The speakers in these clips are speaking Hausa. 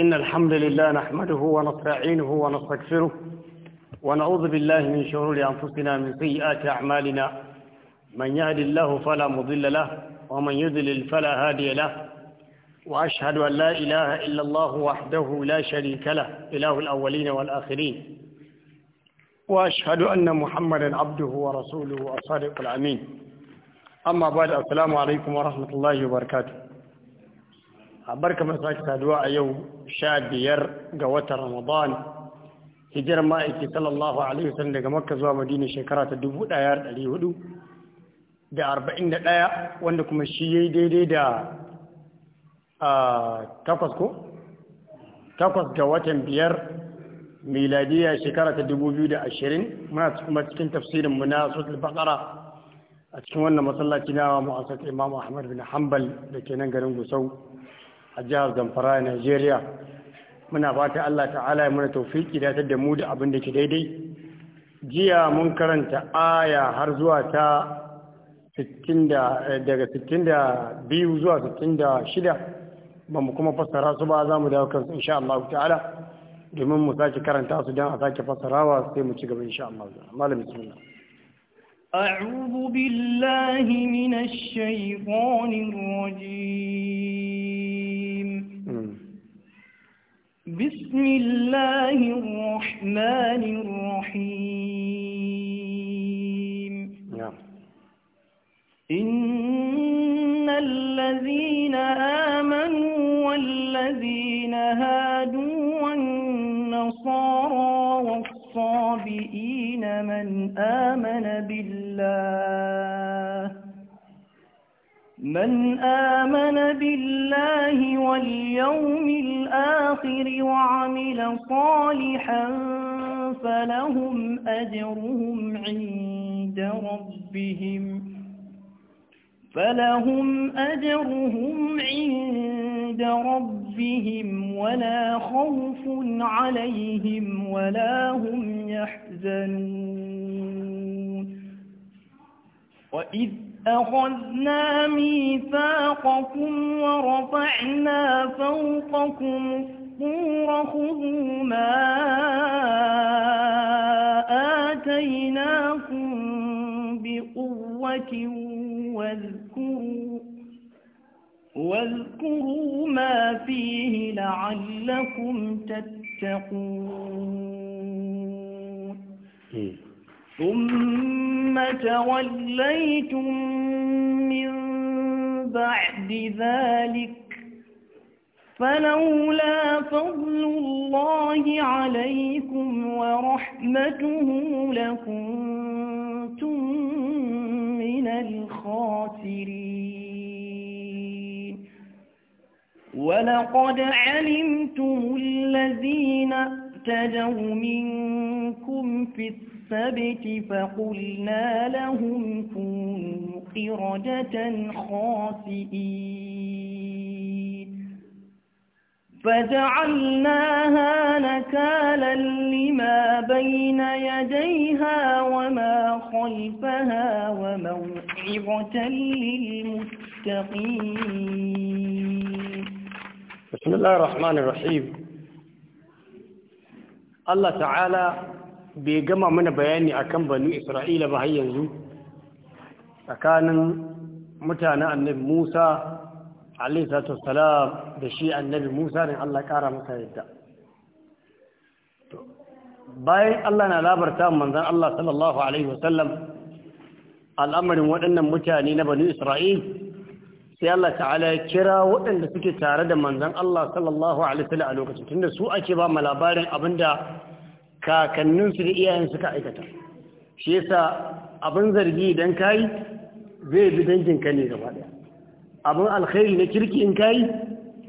إن الحمد لله نحمده ونستعينه ونستغفره ونعوذ بالله من شرور أنفسنا من سيئات أعمالنا من يهد الله فلا مضل له ومن يضلل فلا هادي له وأشهد أن لا إله إلا الله وحده لا شريك له إله الأولين والآخرين وأشهد أن محمدا عبده ورسوله الصادق الأمين أما بعد السلام عليكم ورحمة الله وبركاته barka mai sake saduwa a yau sha biyar ga watan ramadan hijirar ma'aiki sallallahu alaihi wasallam daga makka zuwa madina shekara ta dubu daya dari hudu da arba'in da ɗaya wanda kuma shi ya yi daidai da takwas ko takwas ga watan biyar miladiyya shekara ta dubu biyu da ashirin muna kuma cikin mu na sotul bakara a cikin wannan masallaci na mu'asar imam ahmad bin hambal da ke nan garin gusau a jihar zamfara a nigeria muna fata allah ta'ala ya muna taufiki da da mu da abin da ke daidai jiya mun karanta aya har zuwa ta daga 62 zuwa 66 ba mu kuma fassara su ba za mu dawo kansu insha Allah ta'ala domin mu sake karanta su don a sake fassarawa sai mu ci gaba insha Allah malam bismillah أعوذ billahi من الشيطان الرجيم بسم الله الرحمن الرحيم نعم إن الذين آمنوا والذين هادوا والنصارى والصابئين من آمن بالله من آمن بالله واليوم الآخر وعمل صالحا فلهم أجرهم عند ربهم فلهم أجرهم عند ربهم ولا خوف عليهم ولا هم يحزنون وإذ أخذنا ميثاقكم ورفعنا فوقكم الصور خذوا ما آتيناكم بقوة واذكروا واذكروا ما فيه لعلكم تتقون ثم توليتم من بعد ذلك فلولا فضل الله عليكم ورحمته لكنتم من الخاسرين ولقد علمتم الذين اهتدوا منكم في السبت فقلنا لهم كونوا قردة خاسئين فجعلناها نكالا لما بين يديها وما خلفها وموعظة للمتقين بسم الله الرحمن الرحيم Allah ta'ala bai gama mana bayani akan banu Isra'ila ba har yanzu tsakanin mutane annabi Musa alaihi salatu da shi annabi Musa ne Allah kara masa yadda bayan Allah na labarta manzan Allah sallallahu alaihi wasallam al'amarin waɗannan mutane na banu Isra'ila sai Allah ta'ala ya kira waɗanda suke tare da manzan Allah sallallahu alaihi a lokacin tunda su ake ba ma labarin abinda kakannin su da iyayen suka aikata shi yasa abin zargi idan kai zai bi dangin ka ne gaba daya abin alkhairi na kirki in kai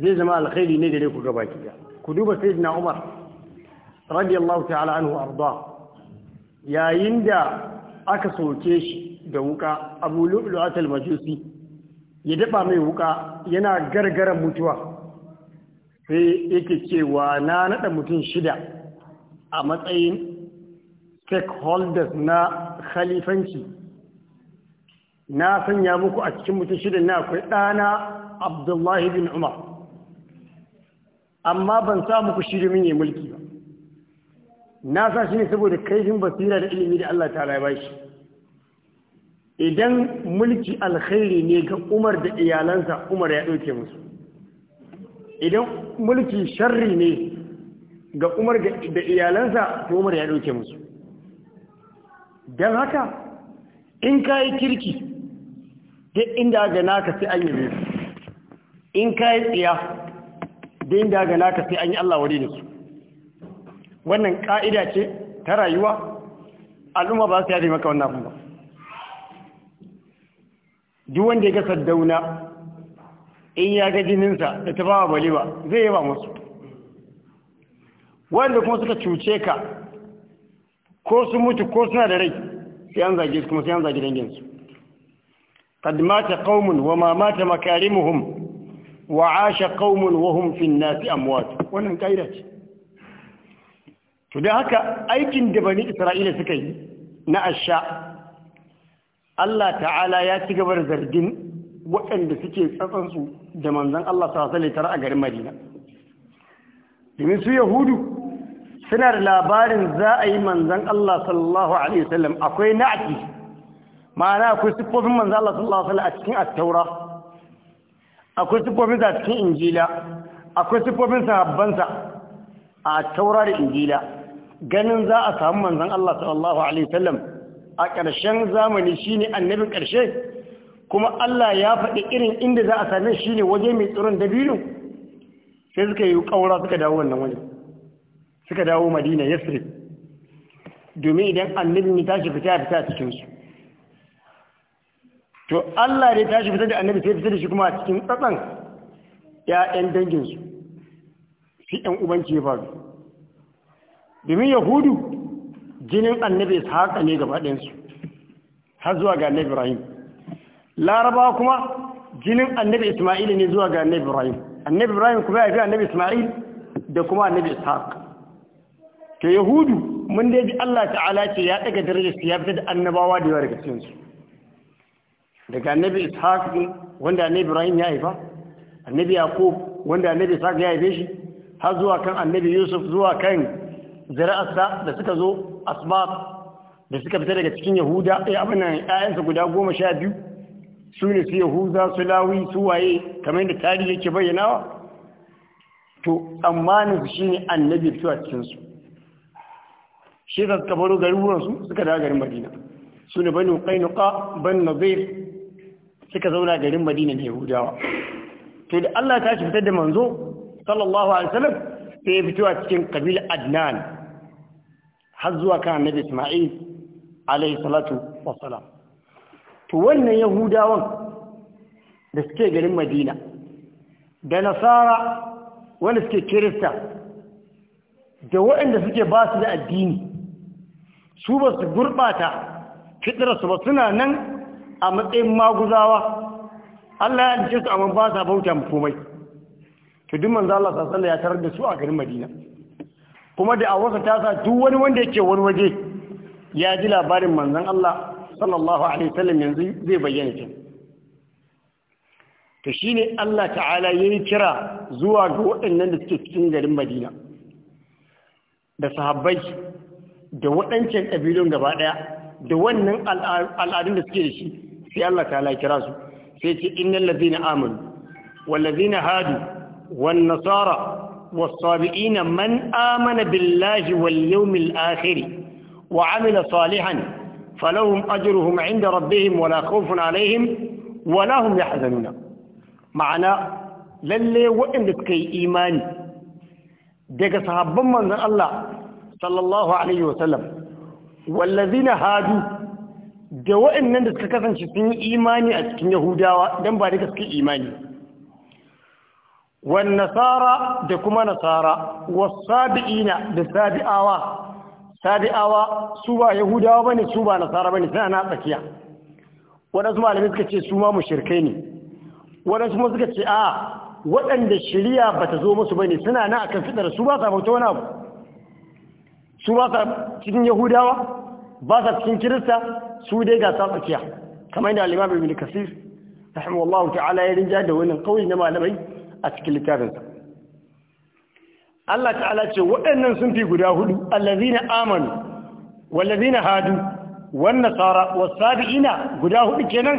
zai zama alkhairi ne gare ku gaba ki ku duba sayyidina Umar radiyallahu ta'ala anhu arda yayin da aka soke shi da wuka Abu Lu'lu'atul Majusi ya daɓa mai wuka yana gargaran mutuwa sai yake cewa na naɗa mutum shida a matsayin stakeholders na khalifanci na sanya muku a cikin mutum shida na akwai ɗana abdullahi bin umar amma ban sa muku shirin yin mulki ba na sa shi ne saboda kaifin basira da ilimi da allah ta ya bashi idan mulki alkhairi ne ga umar da iyalansa umar ya ɗauke musu idan mulki sharri ne ga umar da iyalansa umar ya ɗauke musu don haka in ka yi kirki duk inda ga naka sai an yi in ka yi tsiya duk inda ga naka sai an yi allah wari da su wannan ƙa'ida ce ta rayuwa al'umma ba su yi maka wannan abin ba duk wanda ya ga saddauna in ya ga jininsa da ta bawa ba zai yaba masu wanda kuma suka cuce ka ko su mutu ko suna da rai sai an zage su kuma sai an zage danginsu qad mata qaumun wa ma mata makarimuhum wa asha qaumun wa hum fi an-nas amwat wannan kaida ce to da haka aikin da bani isra'ila suka yi na asha Allah ta'ala ya ci gaba da zargin waɗanda suke tsatsansu da manzan Allah sasale tara a garin Madina. Domin su Yahudu suna da labarin za a yi manzan Allah sallallahu Alaihi wasallam akwai na'aki, ma'ana akwai siffofin manzan Allah sallallahu Alaihi wasallam a cikin attaura, akwai siffofin sa cikin injila, akwai siffofin sahabbansa a attaura da injila. Ganin za a samu manzan Allah sallallahu Alaihi wasallam a ƙarshen zamani shine annabin ƙarshe kuma Allah ya faɗi irin inda za a same shi ne waje mai tsoron dabino sai suka yi ƙaura suka dawo wannan waje suka dawo madina yasrib domin idan annabin ne tashi fita fita a cikinsu to Allah da ya tashi fita da annabi sai fita da shi kuma a cikin tsatsan ‘ya'yan danginsu fi ‘yan ubanci ya faru domin yahudu jinin annabi ishaqa ne gaba ɗayansu har zuwa ga annabi ibrahim laraba kuma jinin annabi isma'il ne zuwa ga annabi ibrahim annabi ibrahim kuma ya fi annabi isma'il da kuma annabi ishaq to yahudu mun dai ji Allah ta'ala ce ya daga daraja su ya fita da annabawa da yawa daga cikin su daga annabi ishaq wanda annabi ibrahim ya haifa annabi yaqub wanda annabi ishaq ya haife shi har zuwa kan annabi yusuf zuwa kan zira'arsa da suka zo asbab da suka fita daga cikin yahuda ya eh, abinan ƴaƴansa guda goma sha biyu su ne su yahuza su lawi su waye kamar da tarihi yake bayyanawa to tsammanin su shine annabi fitowa cikin su shi da suka baro garuruwan su suka dawo garin madina su ne banu qainuqa ban nadir suka zauna garin madina da yahudawa to da Allah ta shi fitar da manzo sallallahu alaihi wasallam sai ya fito a cikin kabilar adnan har zuwa kan annabi Isma'il alaihi salatu wassalam to wannan yahudawan da suke garin Madina da nasara wanda suke kirista da waɗanda suke ba su da addini su ba su gurɓata su ba suna nan a matsayin maguzawa Allah ya dace su amma ba sa bauta komai to duk manzo Allah sallallahu alaihi wasallam ya tarar da su a garin Madina kuma da awarsa ta sa duk wani wanda yake wani waje ya ji labarin manzon Allah sallallahu alaihi wasallam yanzu zai bayyana Ta shi shine Allah ta'ala yayi kira zuwa ga waɗannan da suke cikin garin Madina da sahabbai da waɗancan ƙabilun gaba ɗaya da wannan al'adun da suke da shi sai Allah ta'ala kira su sai ce innal ladina amanu wal ladina hadu wan nasara والصابئين من آمن بالله واليوم الآخر وعمل صالحا فلهم أجرهم عند ربهم ولا خوف عليهم ولا هم يحزنون معنى للي وإن كي إيماني ديك صحابا من الله صلى الله عليه وسلم والذين هادوا da waɗannan da suka kasance sun yi imani a cikin Yahudawa don ba da suka imani wan nasara da kuma nasara was sabiina da sabi'awa sabi'awa su ba yahudawa bane su ba nasara bane sai ana tsakiya wadansu malami suka ce su ma mushrikai ne wadansu kuma suka ce a waɗanda shari'a bata zo musu bane suna na akan fitar su ba sa bauta wani abu su ba sa cikin yahudawa ba sa cikin kirista su dai ga tsakiya kamar yadda al-imam ibn kasir rahimahullahu ta'ala ya rinja da wannan kauye na malamai a cikin littafinsa Allah ta'ala ce waɗannan sun fi guda hudu allazina amanu wallazina hadu wan nasara wasabiina guda hudu kenan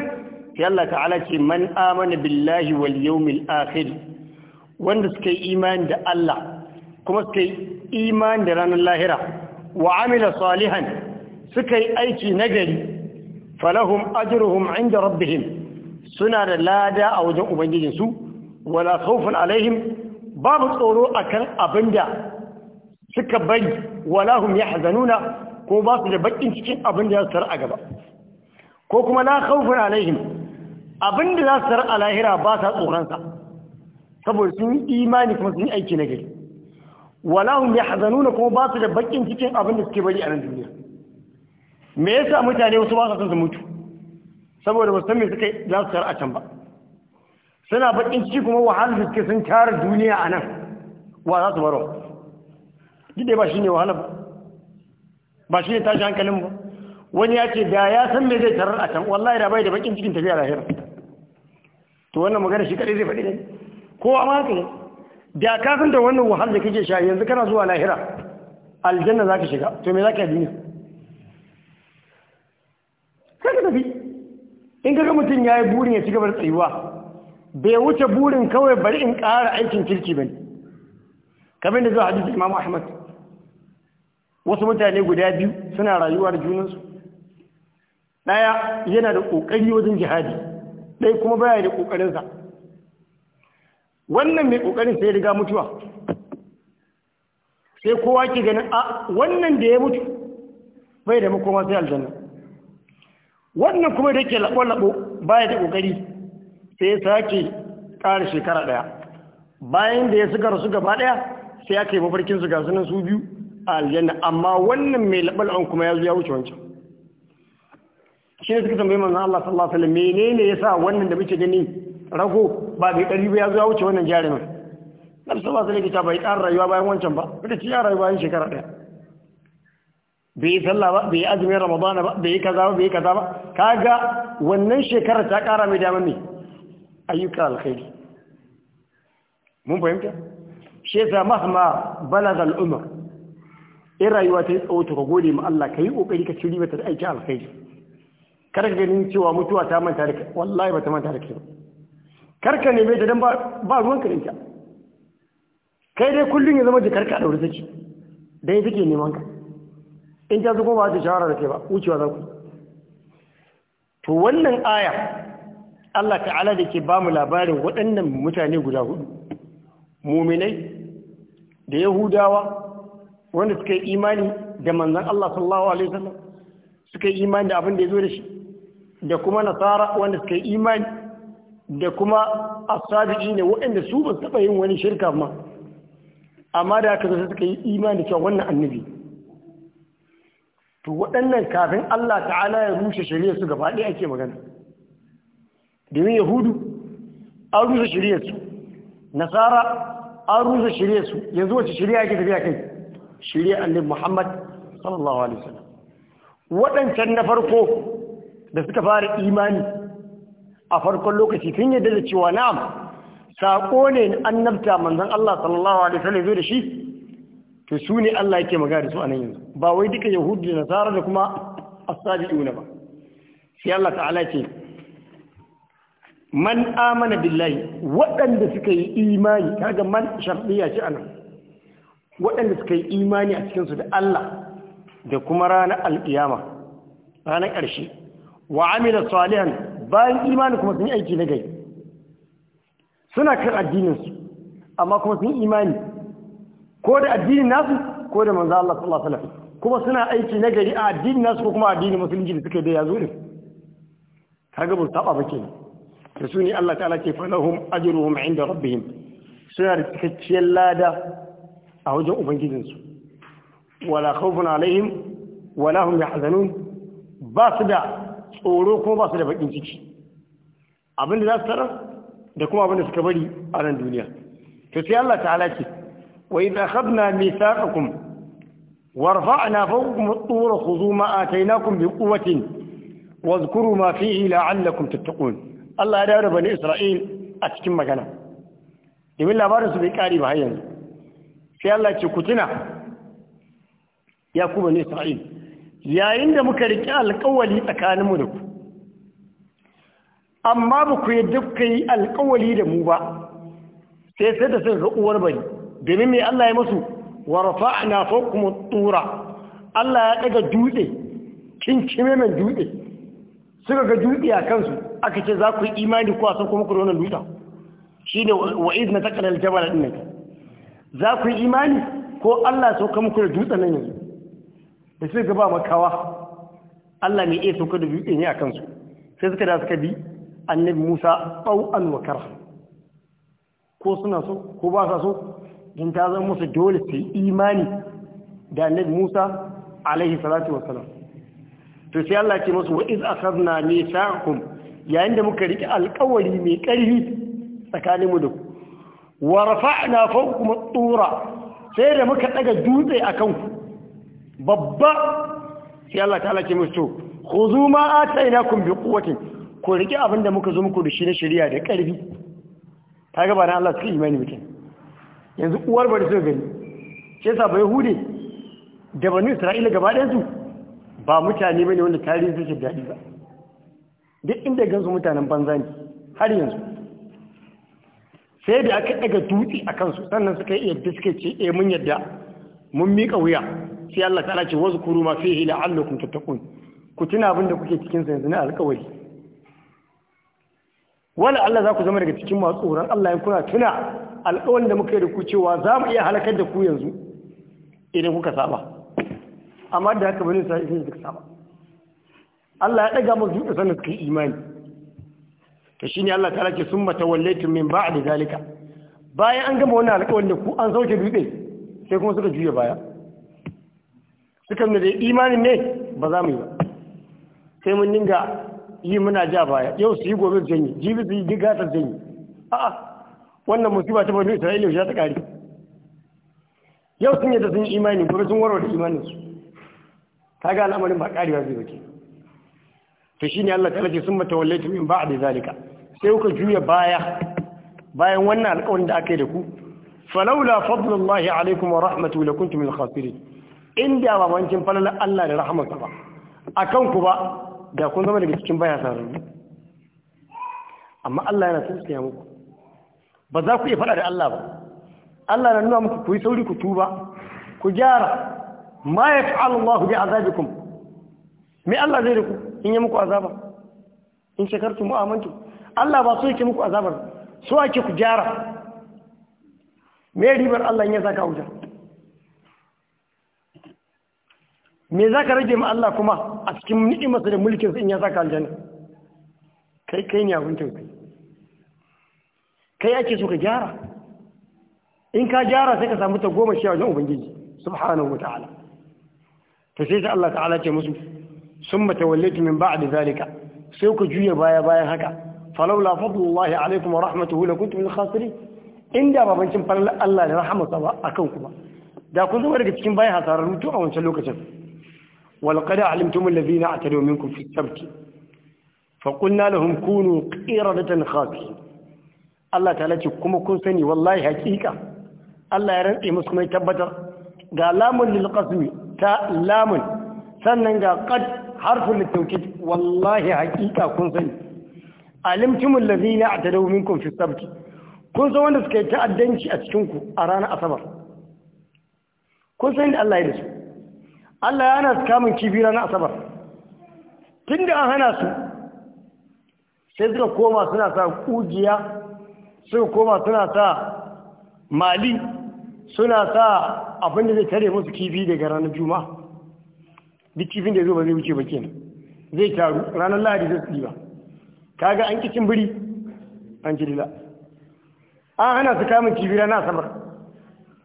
sai Allah ta'ala ce man amana billahi wal yawmil akhir wanda suka yi imani da Allah kuma suka yi imani da ranar lahira wa amila salihan suka yi aiki nagari falahum ajruhum inda rabbihim suna da lada a wajen ubangijinsu wala khawfun alaihim babu tsoro akan abinda suka bari wala hum yahzanuna ko ba su da bakin cikin abinda za su tar a gaba ko kuma la khawfun alaihim abinda za su tar a lahira ba sa tsoron sa saboda sun yi imani kuma sun yi aiki na gari wala hum yahzanuna kuma ba su da bakin cikin abinda suke bari a nan duniya me yasa mutane wasu ba su san su mutu saboda ba san me suka za su tar a can ba suna bakin ciki kuma wahala da suke sun tara duniya a nan wa za su baro gide ba shi ne wahala ba ba shi ne tashi hankalin ba wani ya ce da ya san me zai tarar a can wallahi da bai da bakin cikin tafiya lahira to wannan magana shi kadai zai faɗi ne ko amma maka ne da ka san da wannan wahala da kake sha yanzu kana zuwa lahira aljanna za ka shiga to me za ka yi duniya sai ka tafi in ga mutum ya yi burin ya ci gaba da tsayuwa bai wuce burin kawai bari in ƙara aikin kirki bane kamar da zuwa hadisi Imam Ahmad wasu mutane guda biyu suna rayuwar junansu ɗaya yana da ƙoƙari wajen jihadi ɗaya kuma baya da ƙoƙarinsa wannan mai ƙoƙarin sai riga mutuwa sai kowa ke ganin a wannan da ya mutu bai da makoma sai aljanna wannan kuma da ke laɓo-laɓo baya da ƙoƙari sai sake ƙara shekara ɗaya bayan da ya suka rasu gaba ɗaya sai aka yi mafarkinsu ga sunan su biyu a aljanna amma wannan mai labal'an kuma ya zo ya wuce wancan shi ne suka tambayi manzon Allah sallallahu alaihi wasallam menene yasa wannan da muke gani rago ba bai ɗari ba ya zo ya wuce wannan jarumin nabi sallallahu alaihi wasallam bai ƙara rayuwa bayan wancan ba bai ci ya rayuwa bayan shekara ɗaya bai yi sallah ba bai yi azumin ramadana ba bai yi kaza ba bai yi kaza ba kaga wannan shekarar ta ƙara mai damar ne ayyuka alkhairi mun fahimta shi yasa mahma balaga al'umar in rayuwa ta yi tsawo ta gode ma Allah ka yi kokari ka ciri mata da aiki alkhairi kar ka ganin cewa mutuwa ta manta da kai wallahi ba ta manta da kai ba kar ka neme ta dan ba ruwan ka dinka kai dai kullun ya zama jikarka a daure take dai take neman ka in ta zuko ba ta shawara da kai ba wucewa za ku to wannan aya Allah ta'ala da ke ba mu labarin waɗannan mutane guda hudu muminai da yahudawa wanda suka yi imani da manzan Allah sallallahu alaihi wasallam suka yi imani da abin da ya zo da shi da kuma nasara wanda suka yi imani da kuma asabi'i ne waɗanda su ba taɓa yin wani shirka ma amma da aka zai suka yi imani da cewa wannan annabi to waɗannan kafin Allah ta'ala ya rushe shari'a su gaba ɗaya ake magana domin yahudu an rusa shiryarsu nasara an rusa shiryarsu yanzu wace shirya ake tafiya kai shirya annabi muhammad sallallahu alaihi wasallam waɗancan na farko da suka fara imani a farkon lokaci tun yadda da cewa na'am saƙo ne annabta manzon Allah sallallahu alaihi wasallam zo da shi to su ne Allah yake magana da su anan yanzu ba wai duka yahudu da nasara da kuma as-sabiquna ba sai Allah ta'ala ce man amana billahi waɗanda suka yi imani kaga man sharɗiya ce anan waɗanda suka yi imani a cikinsu da Allah da kuma ranar alƙiyama ranar ƙarshe wa amila salihan bayan imani kuma sun yi aiki na gari, suna kan addininsu amma kuma sun yi imani ko da addinin nasu ko da manzo Allah sallallahu alaihi wasallam kuma suna aiki na gari a addinin nasu ko kuma addinin musulunci da suka yi da yazo ne kaga ba saba ba kenan da su ne Allah ta'ala ke ce falahum ajruhum da rabbihim suna da cikakkiyar lada a wajen ubangijinsu wala khawfun alaihim wala hum yahzanun ba su da tsoro kuma ba su da baƙin ciki abinda za su tara da kuma abinda suka bari a nan duniya to sai Allah ta'ala ce wa idza khadna mithaqakum warfa'na fawqakum at-tura khudhu ma atainakum biquwwatin واذكروا ما فيه لعلكم تتقون Allah ya dawo da bani Isra'il a cikin magana domin labarin su bai kare ba har yanzu sai Allah ce ku tuna ya ku bani Isra'il yayin da muka riƙe alƙawali tsakaninmu da ku amma ba ku yi duk yi alƙawali da mu ba sai sai da sun ga uwar bari domin mai Allah ya masu warfa na kuma tura Allah ya ɗaga dutse kin mai dutse suka ga dutse a kansu aka ce za ku yi imani ko a san kuma ku da wannan dutsen shi ne wa'iz na takalar jabal ɗin nan za ku yi imani ko Allah sauka muku da dutsen nan yanzu da sai gaba makawa Allah mai iya sauka da dutsen ne a kansu sai suka da suka bi annabi Musa ɓau'an wa kara ko suna so ko ba sa so in ta zama musu dole su yi imani da annabi Musa alaihi salatu wassalam to sai Allah ce musu wa iz akhadna mithaqakum yayin da muka riƙe alƙawari mai ƙarfi tsakanin mu da ku wa rafa'na fawqakum at-tura sai da muka daga dutse akan ku babba sai Allah ta'ala ke musu khuzu ma atainakum bi quwwatin ku riƙe abinda muka zo muku da shi na shari'a da ƙarfi kaga ba na Allah suka imani mutum yanzu uwar bari so gani sai sa bai hude da banu Isra'ila gaba ɗayan su ba mutane bane wanda tarihi su shi dadi ba duk inda ya gansu mutanen banza ne har yanzu sai da aka daga dutse a kansu sannan suka yi yadda suka ce e mun yadda mun miƙa wuya sai Allah ta ce wasu kuru ma fihi kun tattakun ku tuna abin da kuke cikin sa yanzu na alƙawari wala Allah za ku zama daga cikin masu tsoron Allah in kuna tuna alƙawarin da muka yi da ku cewa za mu iya halakar da ku yanzu idan kuka saba amma da haka bane sai suka saba Allah ya daga musu da sanin kai imani to shine Allah ta rake summa tawallaytum min da zalika bayan an gama wannan alƙawarin da ku an sauke dutse sai kuma suka juya baya suka nuna da imanin ne ba za mu yi ba sai mun dinga yi muna ja baya yau su yi gobe janyi jibi su yi diga ta janyi a'a wannan musiba ta bani Isra'ila ya ta kare yau sun yadda sun yi imani gobe sun warware imaninsu kaga al'amarin ba karewa zai bake to shine Allah ta lafi summa tawallaytum min ba'di zalika sai kuka juya baya bayan wannan alƙawarin da aka yi da ku falaula fadlullahi alaikum wa rahmatuhu lakuntum min khasirin inda ba wancin falalar Allah da rahmatsa ba akan ku ba da kun zama daga cikin baya sarari amma Allah yana tsaya muku ba za ku iya faɗa da Allah ba Allah na nuna muku ku yi sauri ku tuba ku gyara ma ya fi Allah bi azabikum me Allah zai da ku in yi muku azaba in a mu'amantu Allah ba so yake muku azabar so ake ku jara? me ribar Allah ya zaka wuta me zaka rage ma Allah kuma a cikin ni'imarsa da mulkin sa in ya ka aljanna kai kai ne abin tausayi kai ake so ka jara? in ka jara sai ka samu ta goma shi a wajen ubangiji subhanahu wataala to sai Allah ta'ala ce musu summa tawallaytu min ba'di zalika sai ku juya baya bayan haka falawla fadlullahi alaikum wa rahmatuhu lakuntum min khasirin inda babancin falalar Allah da rahmatsa ba akan ku ba da kun zama daga cikin bayan hasararru a wancan lokacin wal qad alimtum alladhina atadu minkum fi sabti fa qulna lahum kunu qiradatan khasirin Allah ta lace kuma kun sani wallahi hakika Allah ya rantse musu kuma ya tabbatar ga lamun lil ta lamun sannan ga kad. harfin littaukit wallahi haƙiƙa kun sani alimtumul lazina atadaw minkum fi sabti kun san wanda suka yi ta'addanci a cikin ku a ranar asabar kun san da Allah ya dace Allah ya hana su kamun kibi ranar asabar tunda an hana su sai suka koma suna sa kujiya suka koma suna sa mali suna sa abin da zai tare musu kifi daga ranar juma'a duk kifin da ya zo ba zai wuce ba kenan zai taru ranar lahadi zai su ba kaga an kicin biri an ji lila an hana su kamun kifi ranar asabar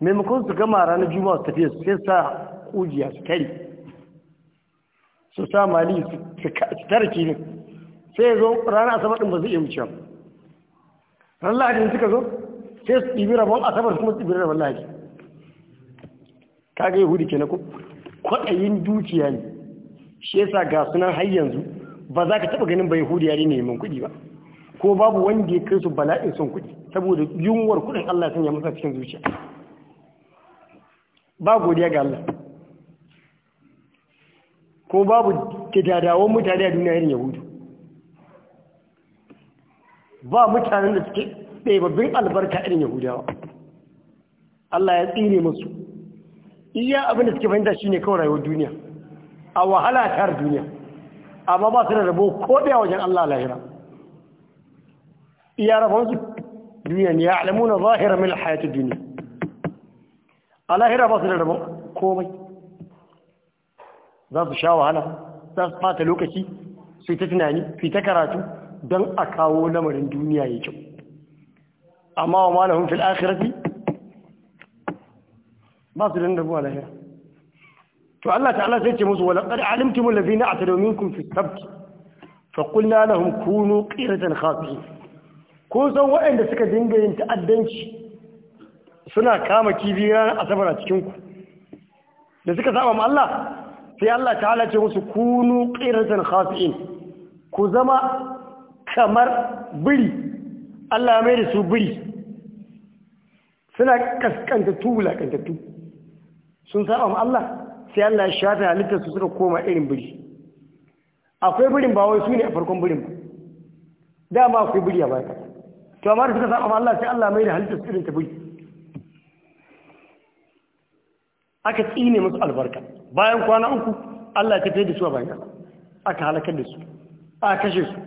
maimakon su gama ranar juma'a su tafiya sai sa kujiya su kari su sa mali su tara kifin sai ya zo ranar asabar ɗin ba zai iya wuce ba ranar lahadin suka zo sai su ɗibi rabon asabar kuma su ɗibi rabon lahadi kaga yahudi kenan ko kwaɗayin dukiya ne shi yasa ga sunan har yanzu ba za ka taɓa ganin bai ya ne neman kuɗi ba ko babu wanda ya kai su bala'in son kuɗi saboda yunwar kuɗin Allah sanya masa cikin zuciya ba godiya ga Allah ko babu kidadawan mutane a duniya irin yahudu ba mutanen da suke ɗaya babbin albarka irin yahudawa Allah ya tsire musu iya abin da suke fahimta shine kawai rayuwar duniya a wahala tar duniya amma ba su da rabo ko da wajen Allah lahira iya rabon su duniya ne ya na zahira duniya a lahira ba su da rabo komai za su sha wahala za su fata lokaci su ta tunani fita karatu don a kawo lamarin duniya ya kyau amma wa malahun fil akhirati ba su dan rabuwa lahira to Allah ta'ala sai ce musu walaqad alimtum allazina atadaw minkum fi sabt fa lahum kunu qiratan khafi'in ko san waɗanda suka dinga yin ta'addanci suna kama kibi ranar asabar a cikin ku da suka saba ma Allah sai Allah ta'ala ce musu kunu qiratan khafi'in ku zama kamar biri Allah mai da su biri suna kaskanta tu wulakantattu sun saba ma Allah sai Allah ya shafe halittar su suka koma irin biri akwai birin ba wai su ne a farkon birin ba dama akwai biri a baya to amma da suka saba ma Allah sai Allah mai da halittar su irin ta biri aka tsine musu albarka bayan kwana uku Allah ya tafi da su a bayan aka halakar da su aka kashe su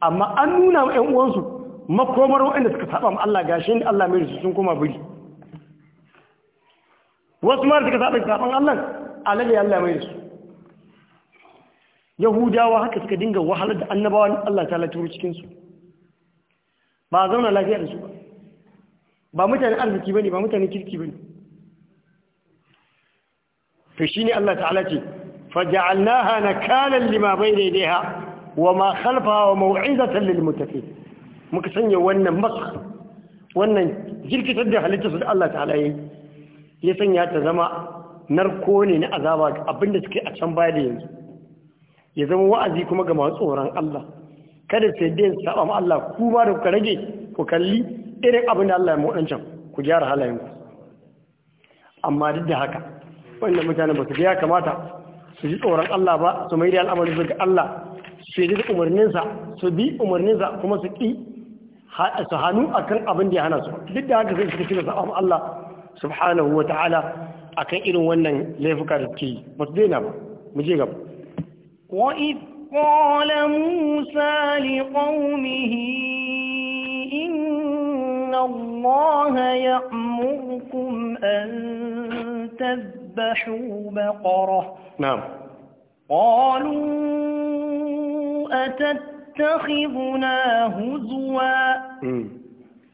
amma an nuna wa ƴan uwansu makomar waɗanda suka saba ma Allah gashi ne Allah mai da su sun koma biri wasu ma da suka saba saban Allah alade Allah mai su yahudawa haka suka dinga wahalar da annabawan Allah ta laturu cikin su ba zauna lafiya da su ba ba mutane arziki ba ne, ba mutane kirki ba bane to ne Allah ta'ala ce na nakalan lima bai daidai bayna yadayha wama khalfaha wa maw'izatan lil muttaqin muka sanya wannan mas wannan jirkitar da halittarsu da Allah ta'ala ya yi. ya sanya ta zama narko ne na azaba abinda suke a can baya da yanzu ya zama wa'azi kuma ga masu tsoron Allah kada sai dai saba ma Allah ku ba da ku rage ku kalli irin abin da Allah ya mu can ku gyara halayen ku amma duk da haka wannan mutane ba su ga ya kamata su ji tsoron Allah ba su mai da al'amari su ga Allah su yi da umarninsa su bi umarninsa kuma su ki su hannu akan abin da ya hana su duk da haka sai suka da saba ma Allah subhanahu wa ta'ala akan irin wannan laifuka da ke yi ba su daina ba mu je gaba وإذ قال موسى لقومه إن الله يأمركم أن تذبحوا بقرة نعم قالوا أتتخذنا هزوا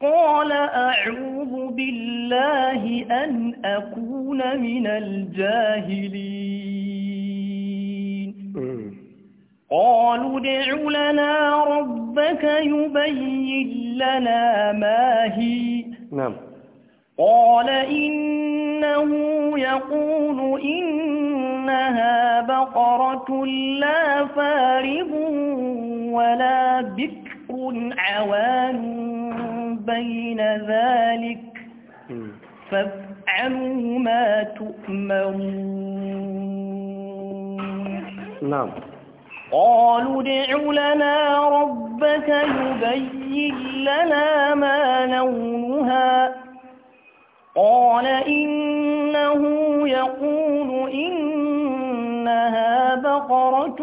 قال أعوذ بالله أن أكون من الجاهلين قالوا ادع لنا ربك يبين لنا ما هي نعم قال إنه يقول إنها بقرة لا فارغ ولا بكر عوان بين ذلك فافعلوا ما تؤمرون نعم قالوا ادع لنا ربك يبين لنا ما لونها قال إنه يقول إنها بقرة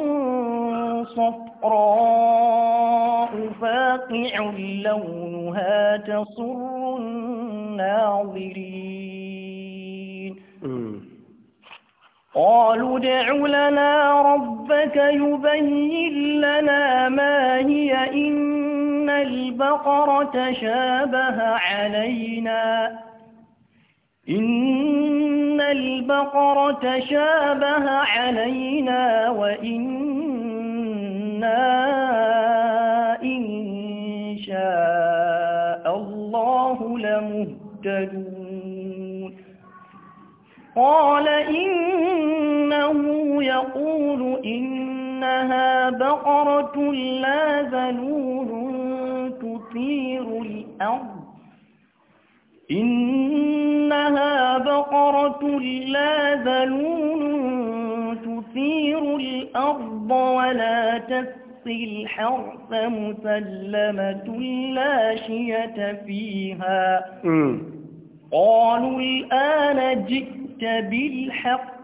صفراء فاقع لونها تصر الناظرين قالوا ادع لنا ربك يبين لنا ما هي إن البقر تشابه علينا إن البقر تشابه علينا وإنا إن شاء الله لمهتدون قال إنه يقول إنها بقرة لا ذلول تثير الأرض إنها بقرة لا ذلول تثير الأرض ولا تثير الحرث مسلمة لا شية فيها قالوا الآن جئت بالحق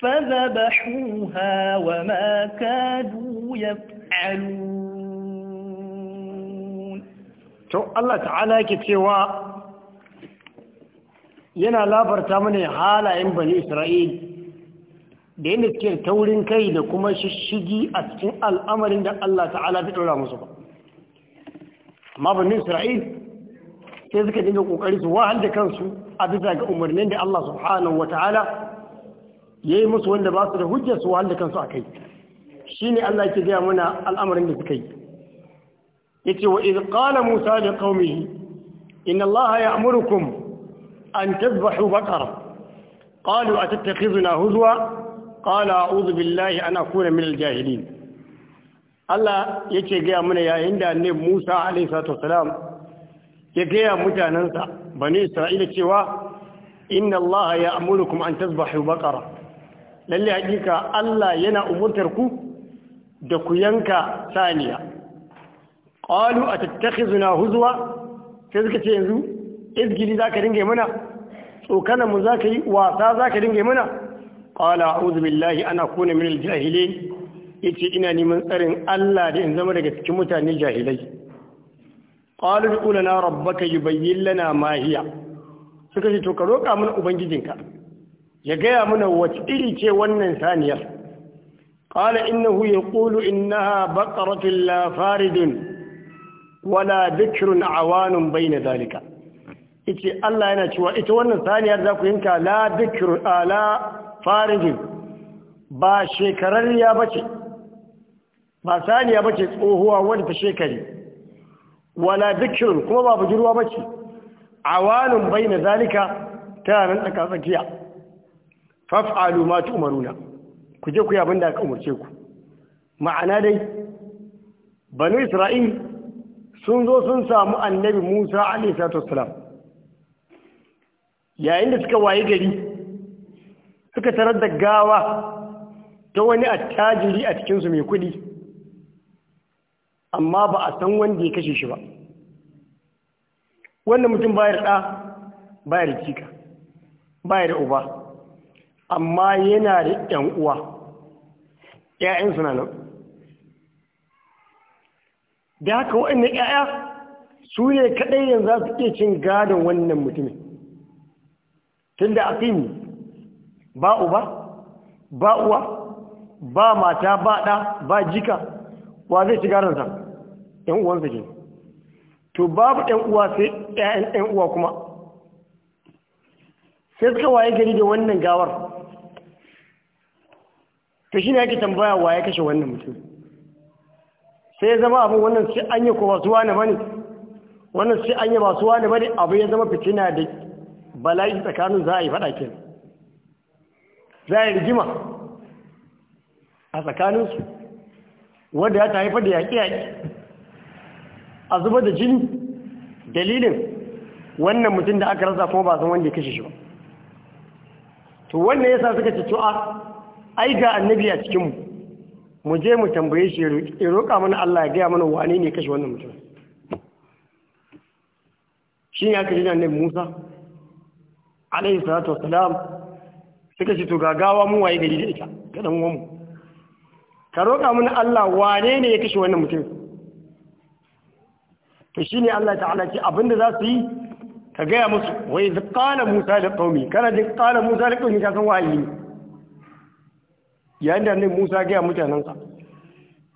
فذبحوها وما كادوا يفعلون تو الله تعالى كتوا ينا labarta mana halayen بني اسرائيل da yadda suke taurin kai da kuma shishigi a cikin al'amarin da Allah ta'ala fi ɗora musu ba amma banin isra'il sai suka dinga ƙoƙari su wahal da kansu a bisa ga umarnin da Allah subhanahu wa ta'ala ya yi musu wanda ba su da hujjar su wahal da kansu a kai shi ne Allah ke gaya mana al'amarin da suka yi ya ce wa iz qala musa da qaumihi inna Allah ya amurukum an tazbahu baqara qalu na huzwa qala a'udhu billahi an akuna min al Allah yake gaya mana yayin da annabi Musa alaihi salatu wasalam ya gaya mutanansa bani Isra'ila cewa inna Allah ya'murukum an tazbahu baqara lalle hakika Allah yana umurtar ku da ku yanka saniya qalu atattakhizuna huzwa sai suka ce yanzu izgili zaka dinga mana tsokana mu zaka yi wasa zaka dinga mana qala a'udhu billahi an akuna min al-jahilin yace ina neman tsarin Allah da in zama daga cikin mutane jahilai qalu bi ulana rabbaka yubayyin lana mahiya. suka ce to ka roƙa mana ubangijinka ya gaya mana wace iri ce wannan saniyar qala innahu yaqulu innaha baqaratun la faridun wala bikrun awanun na zalika Ice Allah yana cewa ita wannan saniyar za ku yanka la bikrun ala farijin ba shekararriya bace ba saniya bace tsohuwa wani ta shekari wala dukkan kuma ba bujirwa bace awalun na zalika Ta tayanan tsaka tsakiya faf'alu ma tu'maruna ku je ku yi abin aka umarce ku ma'ana dai banu isra'il sun zo sun samu annabi musa alaihi salatu yayin da suka waye gari suka tarar da gawa ta wani attajiri a cikinsu mai kudi amma ba a san wanda ya kashe shi ba wannan mutum bayar ɗa bayar jika bayar uba amma yana da ‘yan uwa ‘ya'yansu na nan da haka waɗannan ‘ya'ya su ne kaɗai yanzu za su iya cin gadon wannan mutumin tun da afini ba uba ba uwa ba mata ba ɗa ba jika wa zai ci garansa ‘yan uwansa ke to babu ɗan uwa sai ‘ya'yan ‘yan uwa kuma sai suka waye gari da wannan gawar to shi ne ake tambaya waye kashe wannan mutum sai ya zama abin wannan sai an yi kuma suwa ba bane wannan sai an yi ba ne, bane abu ya zama fitina da bala'i tsakanin za a yi faɗa kenan za a yi rigima a tsakaninsu wadda ya ta haifar da yaƙi-yaƙi a zuba da jini dalilin wannan mutum da aka rasa kuma ba san wanda ya kashe shi ba to wannan ya sa suka ci to a ai ga annabi a cikinmu mu je mu tambaye shi ya roƙa mana Allah ya gaya mana wane ne kashe wannan mutum shi ne aka jina annabi Musa alaihi salatu wasalam suka ce to gagawa mu waye gari da ita ta dan uwanmu ka roƙa mun Allah wane ne ya kashe wannan mutum to shine Allah ta'ala ce abinda za su yi ka gaya musu wai da qala Musa da qaumi kana da qala Musa da qaumi ka san wahayi ne yayin ne Musa gaya mutanansa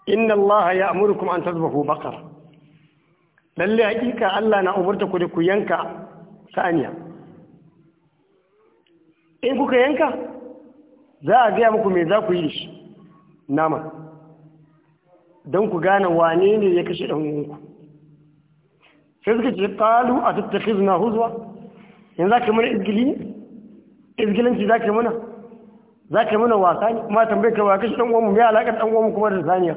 inna Allah ya ya'murukum an tazbahu baqara lalle hakika Allah na umarta ku da ku yanka saniya in kuka yanka za a gaya muku me za ku yi da shi nama don ku gane wane ne ya kashe ɗan'unku sai suka ce ƙalu a tattafi zuna huzuwa yanzu za ka mana izgili ne izgilanci za ka mana za ka mana wasa ne kuma tambayi ka ba kashe ɗan'uwanmu mai alaƙar ɗan'uwanmu kuma da saniya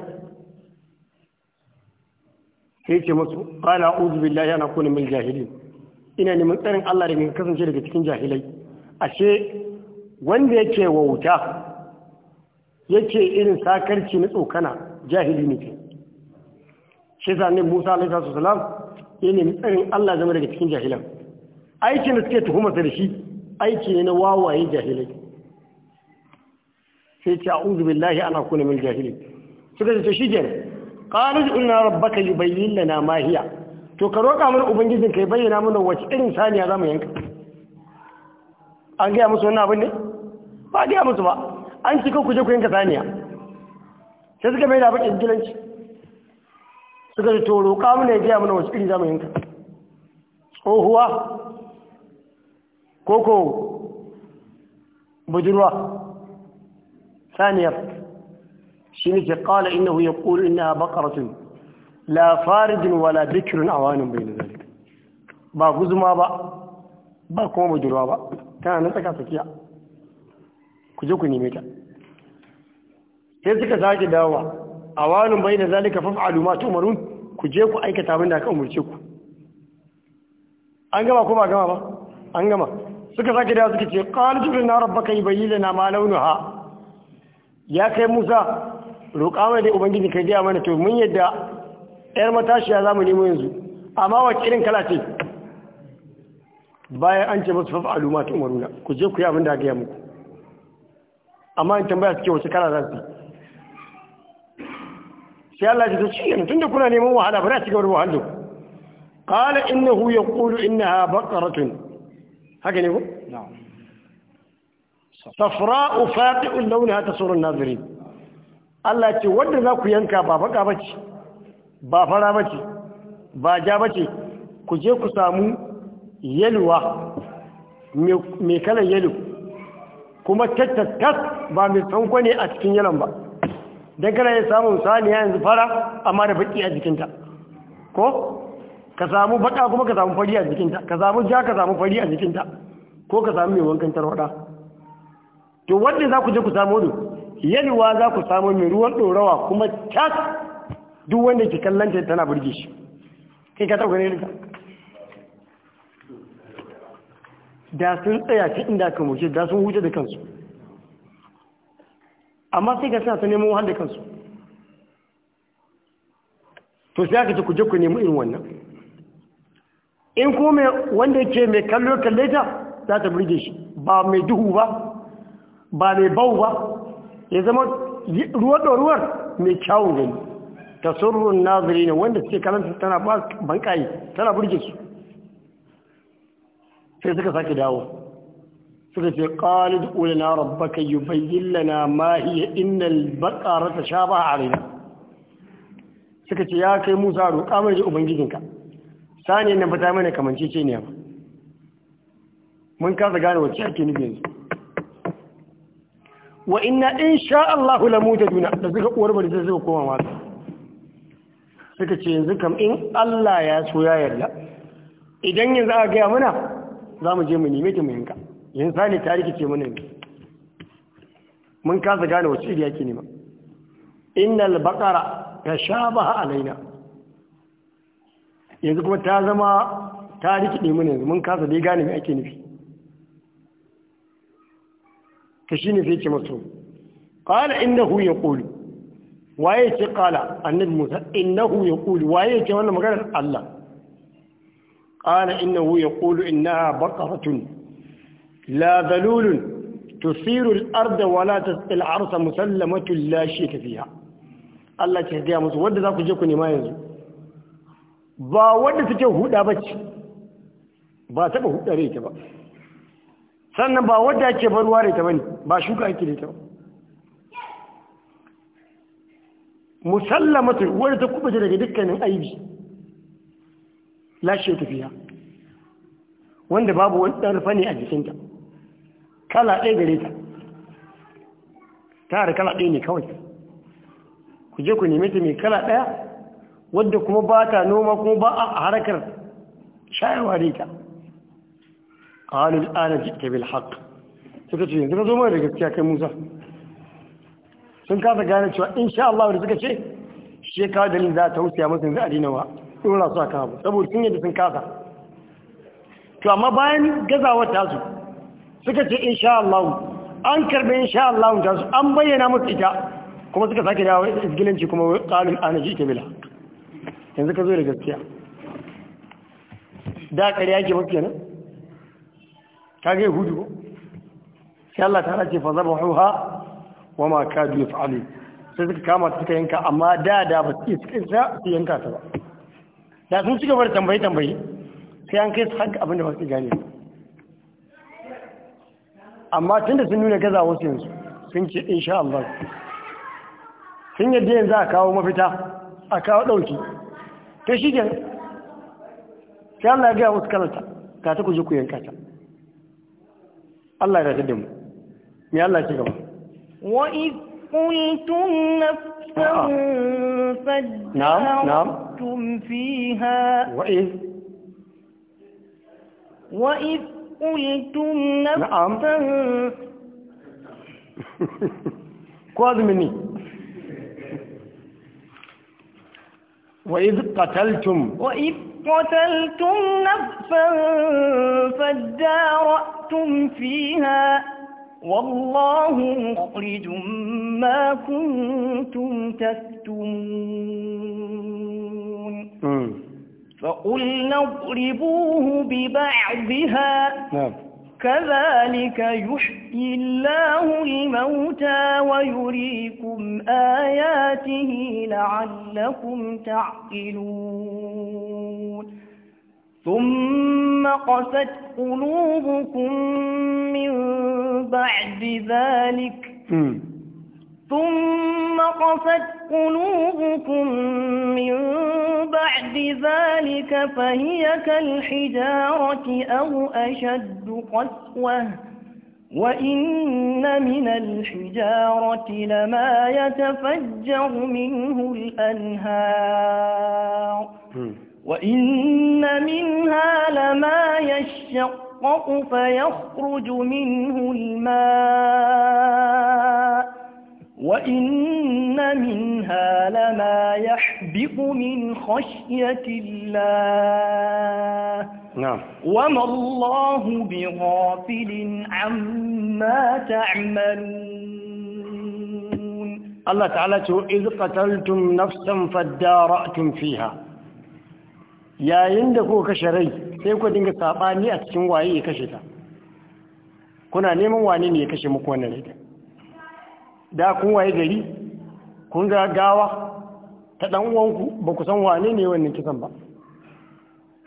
sai ce masu ƙala uzu billahi ana kuna mil jahili ina neman tsarin allah da mai kasance daga cikin jahilai ashe wanda yake wauta yake irin sakarci na tsokana jahili ne shi ne musa alaihi salam ya nemi tsarin allah zama daga cikin jahilan aikin da suke tuhumar da shi aiki ne na wawaye jahilai sai ce a'udhu billahi ana kuna min jahili suka ce shi kenan qalu inna rabbaka yubayyin yi ma mahiya to ka roƙa mana ubangijin yi bayyana mana wacce irin saniya za mu yanka an gaya musu wannan abin ne ba a gaya musu ba an cika kuje ku yanka saniya sai suka mai da ingilanci suka ji toro kamun mana ya gaya mana wasu iri zama yanka tsohuwa koko budurwa saniyar shi ne ke ƙala innahu ya kuri ina bakaratun la faridin wala bikirin a wani bai da ba guzuma ba ba kuma budurwa ba tana nan tsaka tsakiya ku je ku neme ta sai suka sake dawowa a wani bai da zalika faf'alu ma umarun ku je ku aikata abin da aka umarce ku an gama ko ba gama ba an gama suka sake dawowa suka ce na rabba qalu bayi da na ma ha ya kai Musa roƙa mai da ubangiji ka gaya mana to mun yadda 'yar matashiya za mu nemo yanzu amma wakilin irin kala ce bayan an ce masu fafa aluma ta umaruna ku je ku yi abin da aka yi muku amma in tambaya suke wasu kara zafi sai Allah ya ce shi tun da kuna neman wahala ba wani wahala gaba da huya qala innahu yaqulu innaha baqaratun haka ne ko na'am safra'u faqi'un ta tasurun nazirin Allah ce wanda za ku yanka ba baka ce ba fara ba ce ba ja ba ce ku je ku samu yalwa mai kalan yalo kuma tattattas ba mai tsanko ne a cikin yalon ba don kana yi samun saniya yanzu fara amma da baki a jikinta ko ka samu baka kuma ka samu fari a jikinta ka samu ja ka samu fari a jikinta ko ka samu mai wankan tarwada to wanda za ku je ku samu wadu yalwa za ku samu mai ruwan dorawa kuma tas duk wanda ke kallon tana burge shi kai ka taɓa ganin ka da sun tsaya ta inda aka mace da sun huce da kansu amma sai ka sa ta neman wahal da kansu to sai aka ce ku je ku nemi irin wannan in ko mai wanda yake mai kallo kalle ta za ta burge shi ba mai duhu ba ba mai bau ba ya zama ruwa ɗoruwar mai kyawun gani ta surrun nazari ne wanda suke kalanta tana ban tana burge su sai suka sake dawo suka ce qalid ulana rabbaka yubayyin lana ma hiya innal baqara tashabaha alaina suka ce ya kai Musa roƙa mana ji ubangijinka sani nan fata mana kamancece ne ba mun kasa gane wacce ake nufi yanzu wa inna in sha Allahu la mutajuna da suka korbari sai suka koma mata suka ce yanzu kam in Allah ya so ya yarda idan yanzu aka gaya mana za mu je mu nime ta mu yanka yanzu ne ta rikice mana ne mun kasa gane wace iri yake nema sha ba tashabaha alaina yanzu kuma ta zama ta rikide mana yanzu mun kasa dai gane me ake nufi ka ne sai ce masu qala innahu koli. waye ce ƙala? annabi musa innahu koli. waye ce wannan maganar Allah قال إنه يقول إنها بقرة لا ذلول تثير الأرض ولا تسقي العرس مسلمة لا شيك فيها الله تهديها مصر ودى ذاك جيكم ما ينزل با ودى تجي هدى بچ با تبا هدى ريك با سنة با ودى تجي برواري تبني با شوكا اكي تبا مسلمة ودى تكبت لك دكا من أيبي lashe tafiya wanda babu wani ɗan rufa ne a jikinta kala ɗaya gare ta tare kala ɗaya ne kawai ku je ku neme ta mai kala ɗaya wadda kuma ba ta noma kuma ba a harkar shayarwa da ita ƙalul ana jikta bil haƙ suka ce yanzu ka zo mai da gaskiya kai musa sun kasa gane cewa in sha Allah da suka ce shekawa dalin za a tausaya masu yanzu a dinawa dora su aka abu saboda sun yadda sun kasa to amma bayan gazawar tasu suka ce insha Allah an karbe insha Allah tasu an bayyana musu ita kuma suka sake dawo izgilanci kuma kalin ana ji ta bila yanzu ka zo da gaskiya da kare yake musu kenan ga yahudu ko sai Allah ta race fa zabahuha wa ma kadu yaf'ali sai suka kama suka yanka amma da da ba su yanka ta ba da sun ci gaba da tambaye tambaye sai an kai su haƙƙa abin da wasu gane amma tun da sun nuna gaza wasu yanzu sun ce insha Allah sun yadda yanzu a kawo mafita a kawo ɗauki ta shi ke sai Allah ya gaya wasu kalata ka ta ku ku yanka ta Allah ya rasa da mu me Allah ya ci gaba wa idh qultum nafsan fadda دمتم فيها وإذ وإذ قلتم نفسا نعم خذ مني وإذ قتلتم وإذ قتلتم نفسا فادارأتم فيها والله مخرج ما كنتم تكتمون فقلنا اضربوه ببعضها نعم كذلك يحيي الله الموتى ويريكم آياته لعلكم تعقلون ثم قست قلوبكم من بعد ذلك ثم قفت قلوبكم من بعد ذلك فهي كالحجارة أو أشد قسوة وإن من الحجارة لما يتفجر منه الأنهار وإن منها لما يشقق فيخرج منه الماء وإن منها لما يحبط من خشية الله نعم وما الله بغافل عما تعملون الله تعالى إذ قتلتم نفسا فادارأتم فيها يا يندكو كشري سيكو دينك ساباني أي كشتا كنا نيمو وانيني كشمكونا لديك da kun waye gari kun ga gawa ta dan uwanku ba ku san wane ne wannan kisan ba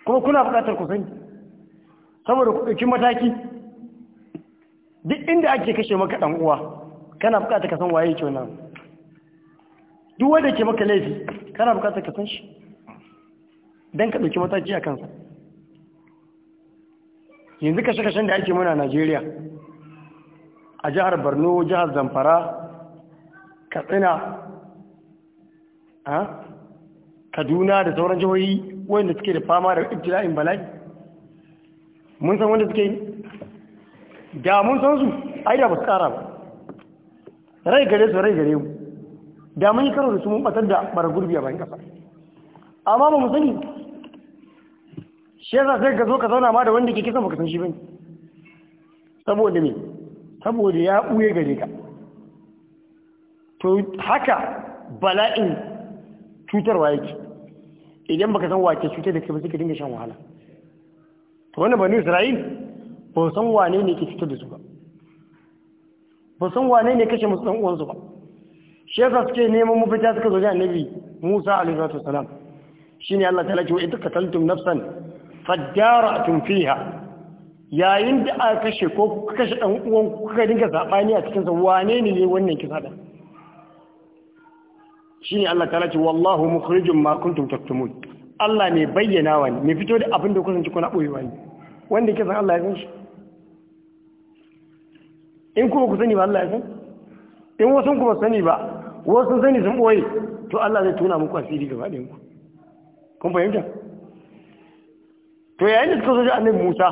kuma kuna buƙatar ku sani saboda ku ɗauki mataki duk inda ake kashe maka dan uwa kana buƙatar ka san waye ke wannan duk wanda ke maka laifi kana buƙatar ka san shi dan ka ɗauki mataki a kansa yanzu kashe-kashen da ake muna Najeriya a jihar Borno jihar Zamfara katsina ah, kaduna da sauran jihohi wanda suke da fama da ibtila'in bala'i mun san wanda suke yi da mun san su ai da ba su kara ba rai gare su rai gare mu da mun yi karo da su mun batar da bara gurbi a bayan kasa amma ba mu sani shi yasa sai ka zo ka zauna ma da wanda ke kisan baka san shi bane saboda me saboda ya uye gare ka to haka bala'in cutarwa yake idan baka san wace cutar da ke ba suka dinga shan wahala to wannan bani isra'il ba san wane ne ke cutar da su ba ba san wane ne kashe musu dan uwansu ba shi yasa suke neman mafita suka zo ga annabi Musa alaihi salatu wasalam shine Allah ta'ala ce wa idh qataltum nafsan fadara'tum fiha yayin da aka kashe ko kashe dan uwan kuka dinga sabani a cikin sa wane ne ne wannan kisa da shine Allah ta ce wallahu mukhrijum ma kuntum taktumun Allah ne bayyana wa ne mai fito da abin da kusan ci kuna boyewa ne wanda yake san Allah ya san shi in ku ku sani ba Allah ya san in wasu ba sani ba wasu sani sun boye to Allah zai tuna muku asiri gaba da ku kun fahimta to yayin da suka zo da annabi Musa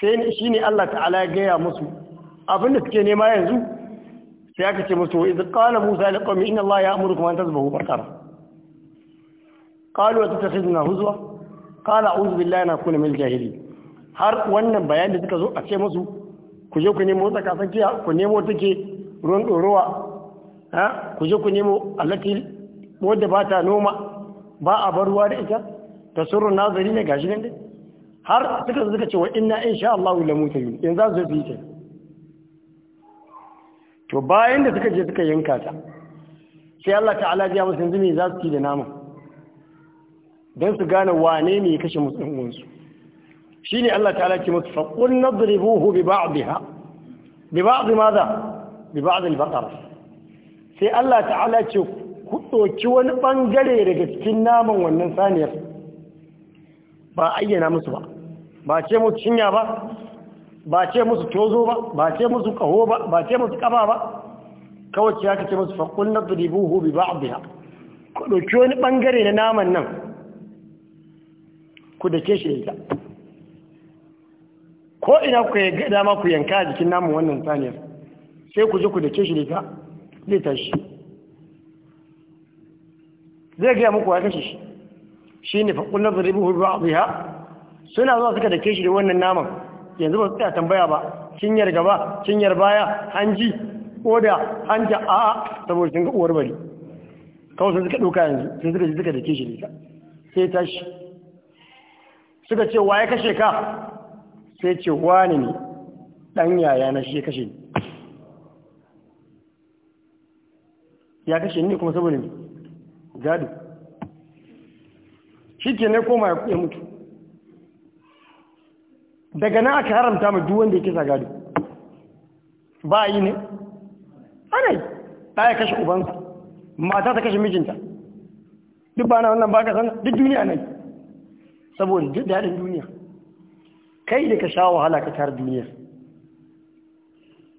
sai shine Allah ta'ala ya gaya musu abin da suke nema yanzu sai aka ce musu idh kala musa liqawmi inna allaha ya'murukum an tazbahu baqara qalu atatakhiduna huzwa qala a'udhu billahi an akuna min al jahili har wannan bayan da suka zo a ce musu ku je ku nemo tsakatsakiya ku nemo take ruwan ɗorowa ha ku je ku nemo allati wadda ba ta noma ba a bar ruwa da ita ta surun nazari ne gashi nan dai har suka suka ce wa inna insha Allah la mutamin yanzu za su yi ta to bayan da suka je suka yanka ta sai Allah ta'ala ya musu yanzu me za su ci da naman don su gane wane ne ya kashe musu ɗan'uwansu shi ne Allah ta'ala ce musu faƙun na zuribuhu bi ba'adiha bi ba'adi maza bi ba'adin baƙar sai Allah ta'ala ce ku ɗoki wani ɓangare daga cikin naman wannan saniyar ba ayyana musu ba ba ce musu cinya ba ba ce musu tozo ba ba ce musu kaho ba ba ce musu kaba ba kawai ya kace musu faqul nadribuhu bi ba'dha ku dauki wani bangare na naman nan ku dake shi ita ko ina ku ga dama ku yanka jikin namun wannan saniyar sai ku ji ku dake shi ita zai tashi zai ga muku ya kashe shi shine faqul nadribuhu bi ba'dha suna zuwa suka dake shi da wannan naman yanzu ba su tsaya tambaya ba cinyar gaba cinyar baya hanji koda hanja a saboda sun ga uwar bari kawai sun suka ɗauka yanzu sun suka ji suka ke shi nisa sai tashi suka ce wa ya kashe ka sai ce wani ne ɗan yaya na shi ya kashe ni ya kashe ni kuma saboda ne gado shi ke ne koma ya mutu daga nan aka haramta mai duk wanda ya kisa gado ba yi ne ana yi ya kashe ubansa mata ta kashe mijinta duk ba na wannan ba ka sana duk duniya nan saboda duk daɗin duniya kai da ka sha wahala ka tara duniya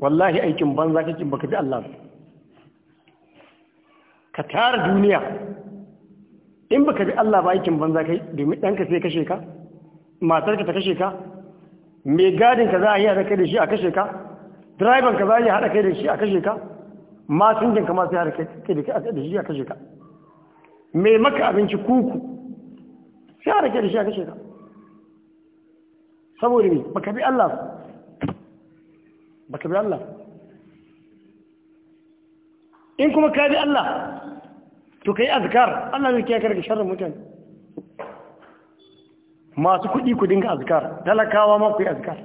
wallahi aikin banza kake baka bi Allah ka tara duniya in baka bi Allah ba aikin banza kai domin ɗanka sai kashe ka matarka ta kashe ka mai gadin ka za a yi haɗa kai da shi a kashe ka driver ka za a yi haɗa kai da shi a kashe ka masinjin jinka masu haɗa kai da shi a kashe ka mai maka abinci kuku sai haɗa kai da shi a kashe ka saboda ne baka bi Allah baka bi Allah in kuma ka bi Allah to ka yi azkar Allah zai kiyaye ka daga sharrin mutane masu kuɗi ku dinga azkar talakawa ma ku yi azkar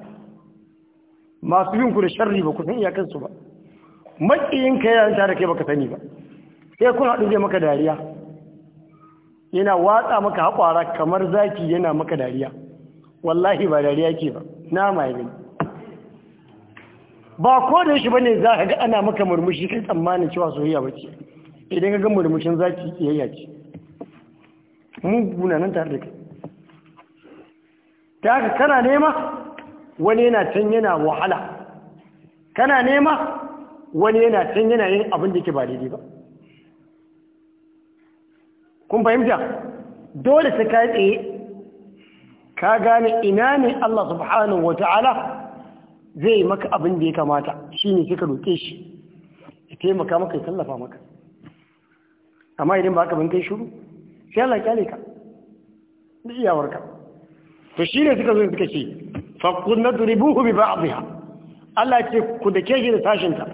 masu yin ku da sharri ba ku san iyakansu ba maƙiyin ka yayin da kai baka sani ba sai kun haɗu zai maka dariya yana watsa maka haƙwara kamar zaki yana maka dariya wallahi ba dariya ke ba na ya gani ba ko da shi bane za ka ga ana maka murmushi kai tsammanin cewa soyayya ba ce idan ka ga murmushin zaki kiyayya ce mu guna nan tare da kai ta haka kana nema wani yana can yana wahala kana nema wani yana can yana yin abin da ke ba daidai ba kun fahimta dole sai ka tsaye ka gane ina ne Allah subhanahu wata'ala zai yi maka abin da ya kamata shi ne suka roƙe shi ya taimaka maka ya tallafa maka amma idan ba ka bin kai shuru sai Allah kyale ka da iyawarka to shi ne suka zo suka ce faƙun na duribuhu bi ba'adhiha Allah ce ku da ke da sashinta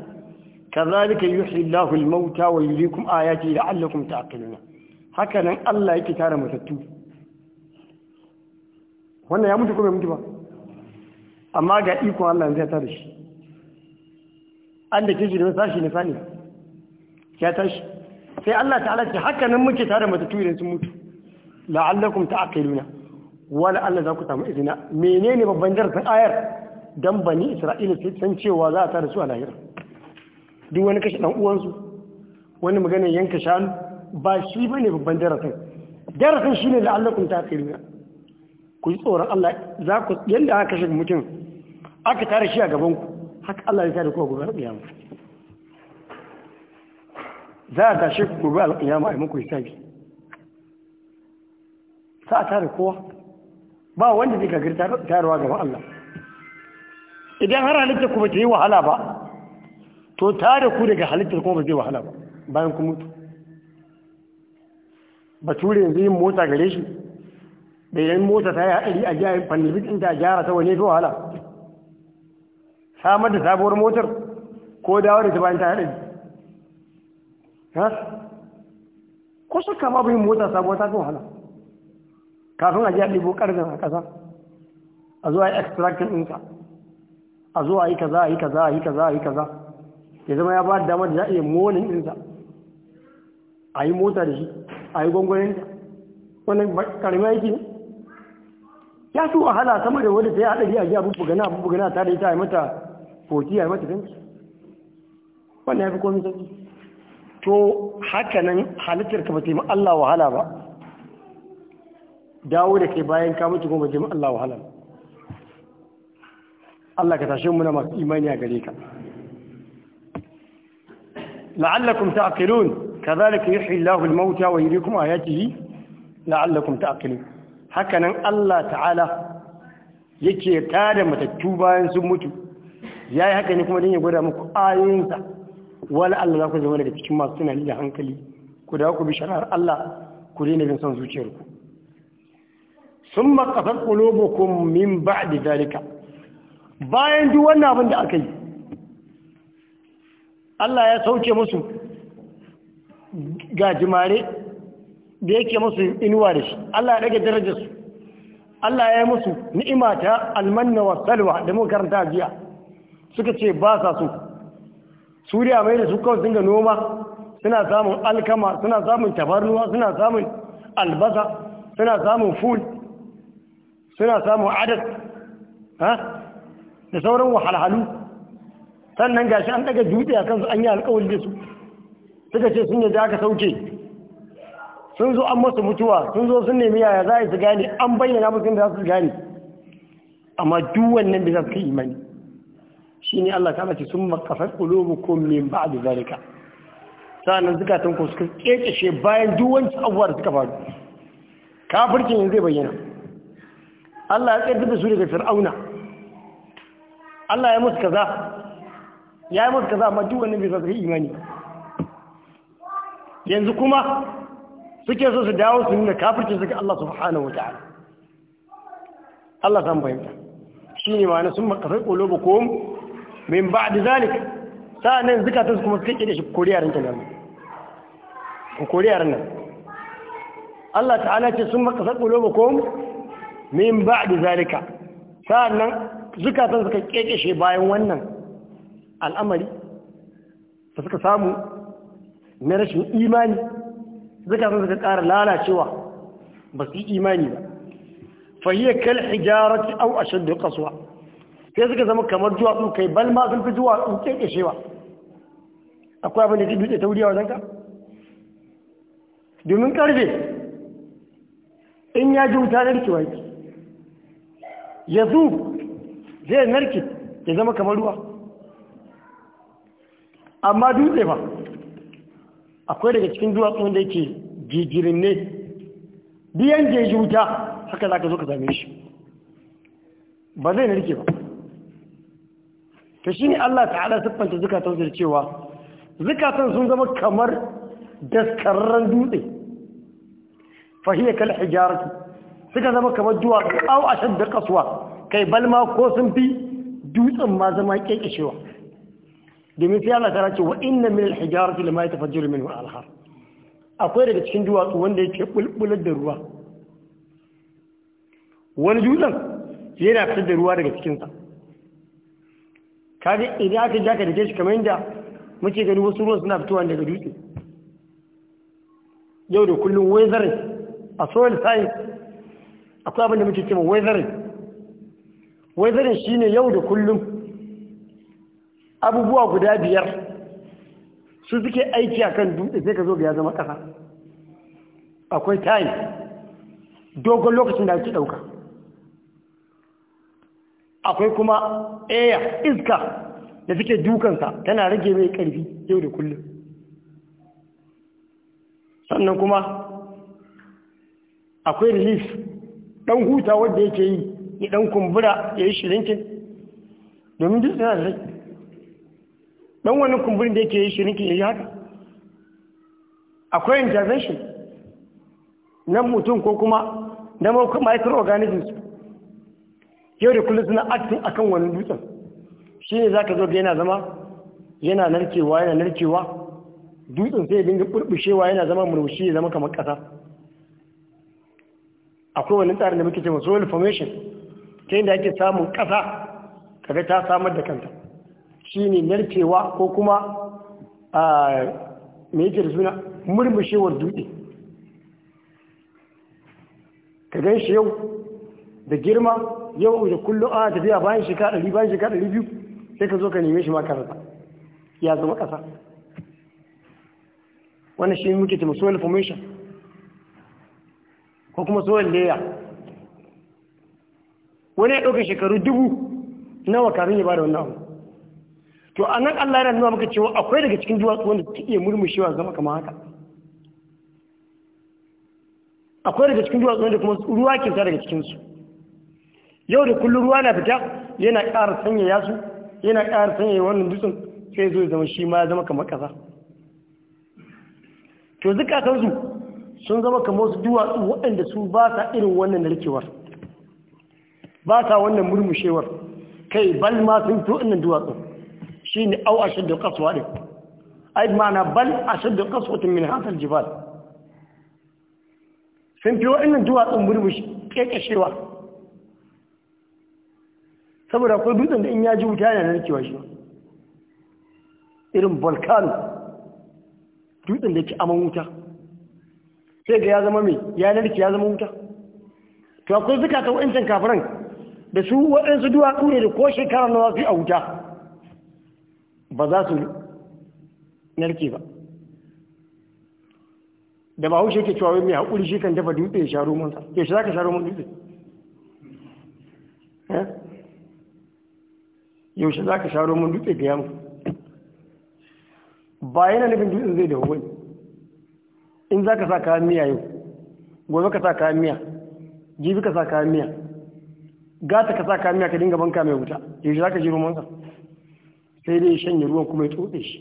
kazalika yuhyi Allahu al-mauta wa yuriikum ayati la'allakum ta'qiluna haka nan Allah yake tara matattu wannan ya mutu ko bai mutu ba amma ga iko Allah zai tare shi an da ke shi da sashi na sani ya tashi sai Allah ta'ala ce haka nan muke tara matattu idan sun mutu la'allakum ta'qiluna wala Allah za ku samu izina menene babban darasin ayar dan bani Isra'ila sai san cewa za a tare su a lahira duk wani kashe dan uwansu wani maganar yanka shanu ba shi bane babban darasin darasin shine ta taqiluna ku yi tsoron Allah za ku yanda aka kashe mutum aka tare shi a gaban ku haka Allah ya tare ku gobe alƙiyama za a tashi ku gobe alƙiyama a yi muku hisabi za a tare kowa ba wanda zai gagari tayarwa gaba Allah idan har halittar ku ba ta yi wahala ba to tare ku daga halittar kuma ba zai wahala ba bayan ku mutu ture yanzu yin mota gare shi da yin mota ta yi haɗari a jayin pandemic inda a gyara ta wane fi wahala samar da sabuwar motar ko dawo da ta bayan ta haɗari ko suka ma yin mota sabuwar ta fi wahala kafin a ji a ɗibo ƙarfin a ƙasa a zuwa extracting ɗinsa a zuwa yi kaza yi kaza yi kaza yi kaza ya zama ya ba da damar da za a iya molin ɗinsa a yi mota da shi a yi gwangwanin ta wani ƙarfi aiki ne ya fi wahala sama da wadda ta yi haɗari a ji abubu gana abubu gana ta da ita a yi mata foti a yi mata fenti wannan ya fi komi sauki to haka nan halittar ka ba ta yi Allah wahala ba dawo da kai bayan ka mutu kuma jima Allah wahala Allah ka tashi mu na masu imani a gare ka la'allakum ta'qilun kadhalika yuhyi Allahu al-mauta wa yuriikum ayatihi la'allakum ta'qilun hakanan Allah ta'ala yake tada matattu bayan sun mutu yayi haka ne kuma dan ya gwada muku ayoyinsa wala Allah za ku zama daga cikin masu tunani da hankali ku dawo ku bi shari'ar Allah ku daina bin son zuciyarku sun makasar kulobukun min ba da zarika bayan duk wannan abin da aka yi Allah ya sauke musu gajimare da yake musu inuwa da shi Allah ya rage darajarsu Allah ya yi musu ni'ima ta almanna salwa da muka karanta jiya suka ce ba sa su suriya mai da su kawai sun ga noma suna samun alkama suna samun tabarnuwa suna samun albasa suna samun ful suna samun adad da sauran wahalhalu sannan gashi an daga dutse a kansu an yi alkawali da su suka ce sun yadda aka sauke sun zo an masu mutuwa sun zo sun nemi yaya za a su gane an bayyana musu da za su gane amma duk wannan bai za su kai imani ne Allah ta mace sun makafar qulubukum min da zarika. sa'annan zukatan ku suka kekeshe bayan duwan wancan abubuwa da suka faru kafirkin yanzu zai bayyana Allah ya kaddada su daga fir'auna Allah ya musu kaza ya yi musu kaza amma duk wannan bai sa imani yanzu kuma suke so su dawo su nuna kafirci suka Allah subhanahu wa ta'ala Allah san fahimta shine ma'ana sun ba ko min ba'd zalik sa'annan zakatunsu kuma suka kike shi koriyarin ta nan koriyar nan Allah ta'ala ce sun ba ko min ba'di zalika sa'annan zukatan suka kekeshe bayan wannan al'amari da suka samu na rashin imani zukatan suka ƙara lalacewa ba su yi imani ba fahiyar kal hijarati au ashaddu qaswa sai suka zama kamar duwatsu kai bal ma sun fi duwatsu kekeshewa akwai abin da ke dutse ta wuri a wajenka domin karfe in ya ji wuta da rikewa yake ya zu zai narke ya zama kamar ruwa amma dutse ba akwai daga cikin duwatsun da yake jijirin ne biyan jeji wuta haka za ka zo ka same shi ba zai narke ba ta shi ne Allah ta'ala siffanta zukatan da cewa zukatan sun zama kamar daskararren dutse fahiyar kal suka zama kamar duwa au a shadda kasuwa kai balma ko sun fi dutsen ma zama kekashewa domin sai Allah tara ce wa inna min al-hijarati lama yatafajjaru minhu al har akwai daga cikin duwatsu wanda yake bulbular da ruwa wani dutsen yana fitar da ruwa daga cikinsa kaga idan aka jaka da shi kamar inda muke gani wasu ruwan suna fitowa daga dutse yau da kullum zarin a soil science akwai abin da muke cewa weathering shi shine yau da kullum abubuwa guda biyar su suke aiki akan dutse sai ka zo ya zama kasa akwai time dogon lokacin da ake ɗauka. akwai kuma air iska da suke dukansa tana rage mai ƙarfi yau da kullum sannan kuma akwai release dan huta wanda yake yi ya dan kumbura ya yi shirinkin domin duk suna da rai dan wani kumburin da yake yi shirinkin ya yi haka akwai intervention na mutum ko kuma na microorganisms yau da kullum suna aktin akan wani dutsen shi ne za ka zo yana zama yana narkewa yana narkewa dutsen sai dinga burbushewa yana zama murushi ya zama kamar ƙasa akwai wani tsarin da muke cewa soil formation ta da ake samun ƙasa kaga ta samar da kanta shi ne narkewa ko kuma a mai yake da suna murmushewar dutse ka gan shi yau da girma yau da kullum a tafiya bayan shekara ɗari bayan shekara ɗari biyu sai ka zo ka neme shi ma karasa ya zama ƙasa wannan shi muke ta masu formation ko kuma soyan leya wani ya ɗauka shekaru dubu nawa kamin ya bada wannan abu to a nan allah yana nuna maka cewa akwai daga cikin duwatsu wanda suke iya murmushewa zama kama haka akwai daga cikin duwatsu wanda kuma ruwa ke sa daga cikinsu yau da kullum ruwa na fita yana ƙara sanya yasu yana ƙara sanya wannan dutsen sai zo zama shi ma ya zama kama ƙasa to su. sun zama kamar su duwatsu waɗanda su ba sa irin wannan narkewar ba sa wannan murmushewar kai bal ma sun fi wannan duwatsu shi ne au ashe da kasuwa ɗin ai mana bal ashe da kasuwa tun min hankal jibal sun fi waɗannan duwatsun murmushi ƙeƙashewa saboda akwai dutsen da in ya ji wuta yana narkewa shi irin volcano dutsen da ke aman wuta sai ga ya zama mai ya narki ya zama wuta to akwai ta wa'incin kafiran da su waɗansu duwatsu ne da ko shekara na za su yi a wuta ba za su narke ba da ba haushe ke cewa wai mai haƙuri shi kan dafa dutse ya sha romansa ke shi za ka sha roman dutse yaushe za ka sha roman dutse ga eh? yamu ba yana nufin dutsen zai da wani in za ka sa kayan miya yau gobe ka sa kayan miya jibi ka sa kayan miya gata ka sa kayan miya ka dinga banka mai wuta yaushe za ka ji ka. sai dai shanye ruwan kuma ya tsotse shi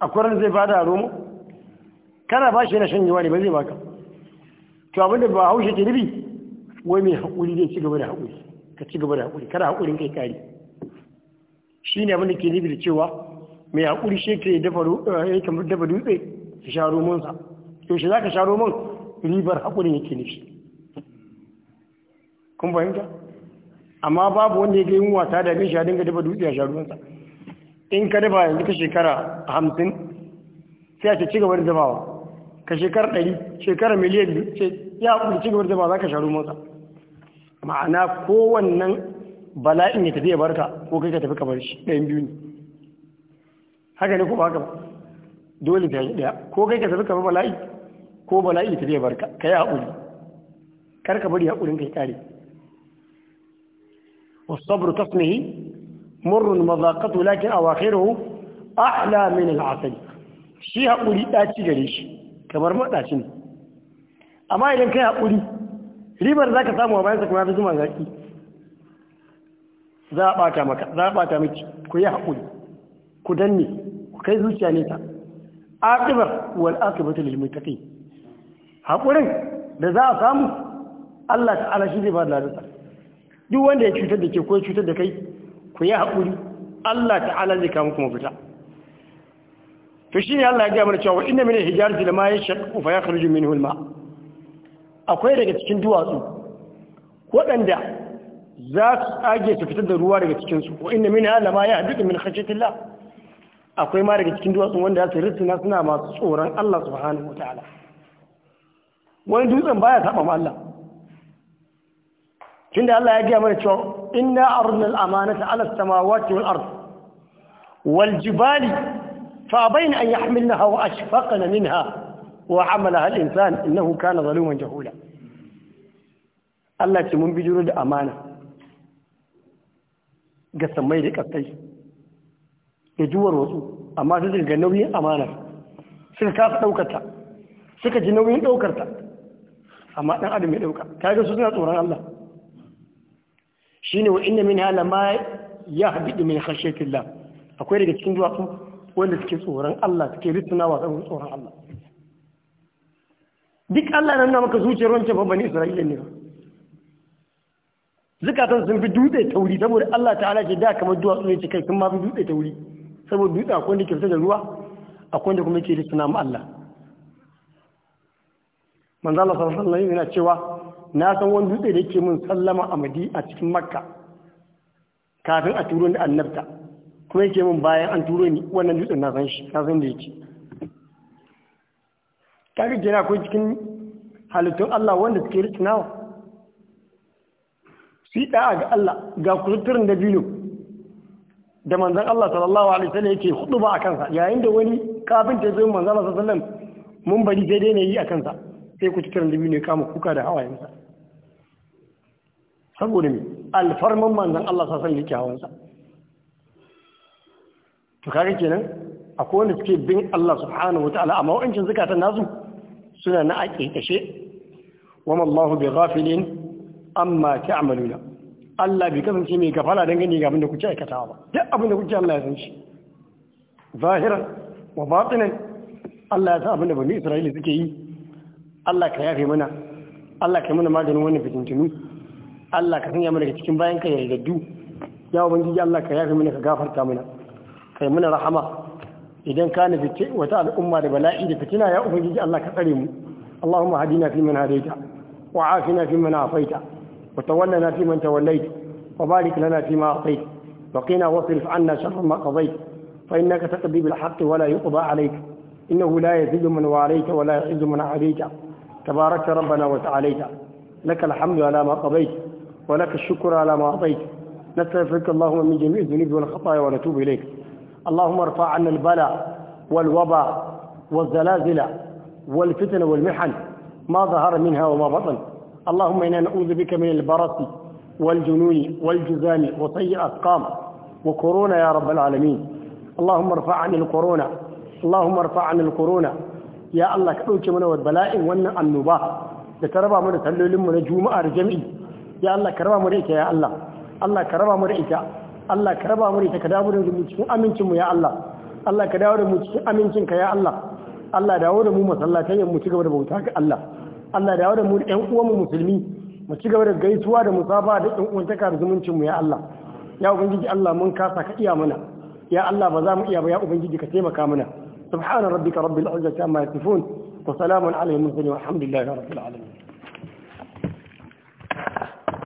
a kwarar zai bada romo kana ba shi yana shanyewa ne ba zai baka to abinda ba haushe ke nufi wai mai haƙuri zai ci gaba da haƙuri ka ci gaba da haƙuri kada haƙurin kai kari shi ne abinda ke nufi da cewa mai haƙuri shi ke eh, dafa dutse ya sha romansa yaushe za ka sha roman ribar haƙurin yake nufi kun fahimta amma babu wanda ya ga yin wata da bin shaɗin ga dafa dukiya a sha in ka dafa yanzu ka shekara hamsin sai a ce ci gaba da dafawa ka shekara ɗari shekara miliyan biyu ce ya kuma ci gaba da dafawa za ka sha ruwansa ma'ana kowannan bala'in ya tafi ya barka ko kai ka tafi kamar shi ɗayan biyu ne haka ne ko ba haka ba dole ka yi ɗaya ko kai ka tafi ka bala'i ko bala'i ta zai barka ka yi haƙuri kar ka bari haƙurin ka yi ƙare والصبر تصنعه مر مذاقته لكن a'la أحلى من asali. shi haƙuri ɗaci gare shi kamar maɗaci ne amma idan kai haƙuri ribar za ka samu a bayan kuma fi zuma zaƙi za a ɓata maka za a ɓata miki ku yi haƙuri ku danne ku kai zuciya nesa aqibar wal aqibatu lil muttaqin hakurin da za a samu Allah ta'ala shi zai ba da ladarsa duk wanda ya cutar da ke ko cutar da kai ku yi hakuri Allah ta'ala zai kawo kuma fita to shi ne Allah ya gaya mana cewa inna min al-hijarati lama yashaqqu fa yakhruju minhu al-ma akwai daga cikin duwatsu waɗanda za su tsage su fitar da ruwa daga cikin su wa inna minha lama yahduqu min khashyatillah akwai ma daga cikin duwatsun wanda za su ritsina suna masu tsoron Allah subhanahu wataala wani dutsen baya saba ma Allah tunda Allah ya gaya mana cewa inna arna al-amanata ala samawati wal ard wal jibali fa bayna an yahmilnaha wa ashfaqna ha, wa hamalaha al-insan innahu kana zaluman jahula Allah ce mun bijiro da amana ga samai da kasai da juwar wasu amma sai suka ga nauyin amanar suka kasa ɗaukata suka ji nauyin daukarta amma ɗan adam ya ɗauka ta ga su suna tsoron Allah shi ne wa inda min hala ma ya haɗi min khashyatillah akwai daga cikin duwatsu wanda suke tsoron Allah suke ritsuna wa tsoron Allah duk Allah nan nuna maka zuciyar wancan babban Isra'ila ne ba zukatan sun fi dutse tauri saboda Allah ta'ala ce da kamar duwatsu ne ce kai sun ma fi dutse tauri saboda dutse akwai da ke fita da ruwa akwai da kuma ke da suna Allah manzo Allah sallallahu alaihi yana cewa na san wani dutse da yake min sallama a madi a cikin makka kafin a turo ni annabta kuma yake min bayan an turo ni wannan dutsen na san shi na san da yake kaga akwai cikin halittun Allah wanda suke rikinawa su yi ɗaya ga Allah ga kusurturin da biyu da manzan Allah sallallahu alaihi wasallam yake ba a kansa yayin da wani kafin ta zo manzon Allah sallallahu alaihi wasallam mun bari sai dai ne yi a kansa sai ku cikin dubi ne kama kuka da hawayensa saboda me alfarman manzan Allah sallallahu alaihi wasallam yake hawansa to kaga kenan akwai wanda suke bin Allah subhanahu wataala amma wa'incin zakatan nasu suna na aƙiƙashe wa mallahu bi ghafilin amma ta'maluna Allah bai kasance mai gafala dangane ga abinda da kuke aikatawa ba duk abinda da kuke Allah ya san shi zahiran wa batinan Allah ya san abinda da bani Isra'ila suke yi Allah ka yafe mana Allah ka yi mana maganin wannan fitintunu Allah ka sanya mana daga cikin bayan ka yardaddu ya ubangiji Allah ka yafe mana ka gafarta mana kai mana rahama idan ka nufi wata al'umma da bala'i da fitina ya ubangiji Allah ka tsare mu Allahumma hadina fi man hadaita wa afina fi man afaita وتولنا فيمن توليت وبارك لنا فيما أعطيت وقنا واصرف عنا شر ما قضيت فإنك تقضي بالحق ولا يقضى عليك إنه لا يزيد من وعليك ولا يعز من عليك تباركت ربنا وتعاليت لك الحمد على ما قضيت ولك الشكر على ما أعطيت نستغفرك اللهم من جميع الذنوب والخطايا ونتوب إليك اللهم ارفع عنا البلاء والوباء والزلازل والفتن والمحن ما ظهر منها وما بطن اللهم إنا نعوذ بك من البرص والجنون والجزام وطيء أسقام وكورونا يا رب العالمين اللهم ارفع عن الكورونا اللهم ارفع عن الكورونا يا الله كدوke mana wa bala'in wannan annoba da ta raba mu da na juma'a da jami'i ya Allah ka raba mu ita ya Allah Allah ka raba mu da ita Allah ka raba mu da ita ka dawo da mu ya Allah Allah ka da amincin ka ya Allah Allah dawo da mu ci gaba da bauta ga Allah Allah dawo da mu ɗan uwan uwanmu musulmi mu ci gaba da gaisuwa da musafa da ƴan da zumuncin mu ya Allah ya ubangiji Allah mun kasa ka iya mana ya Allah ba za mu iya ba ya ubangiji ka taimaka mana subhana rabbika rabbil izzati amma yasifun wa salamun alal mursalin walhamdulillahi rabbil alamin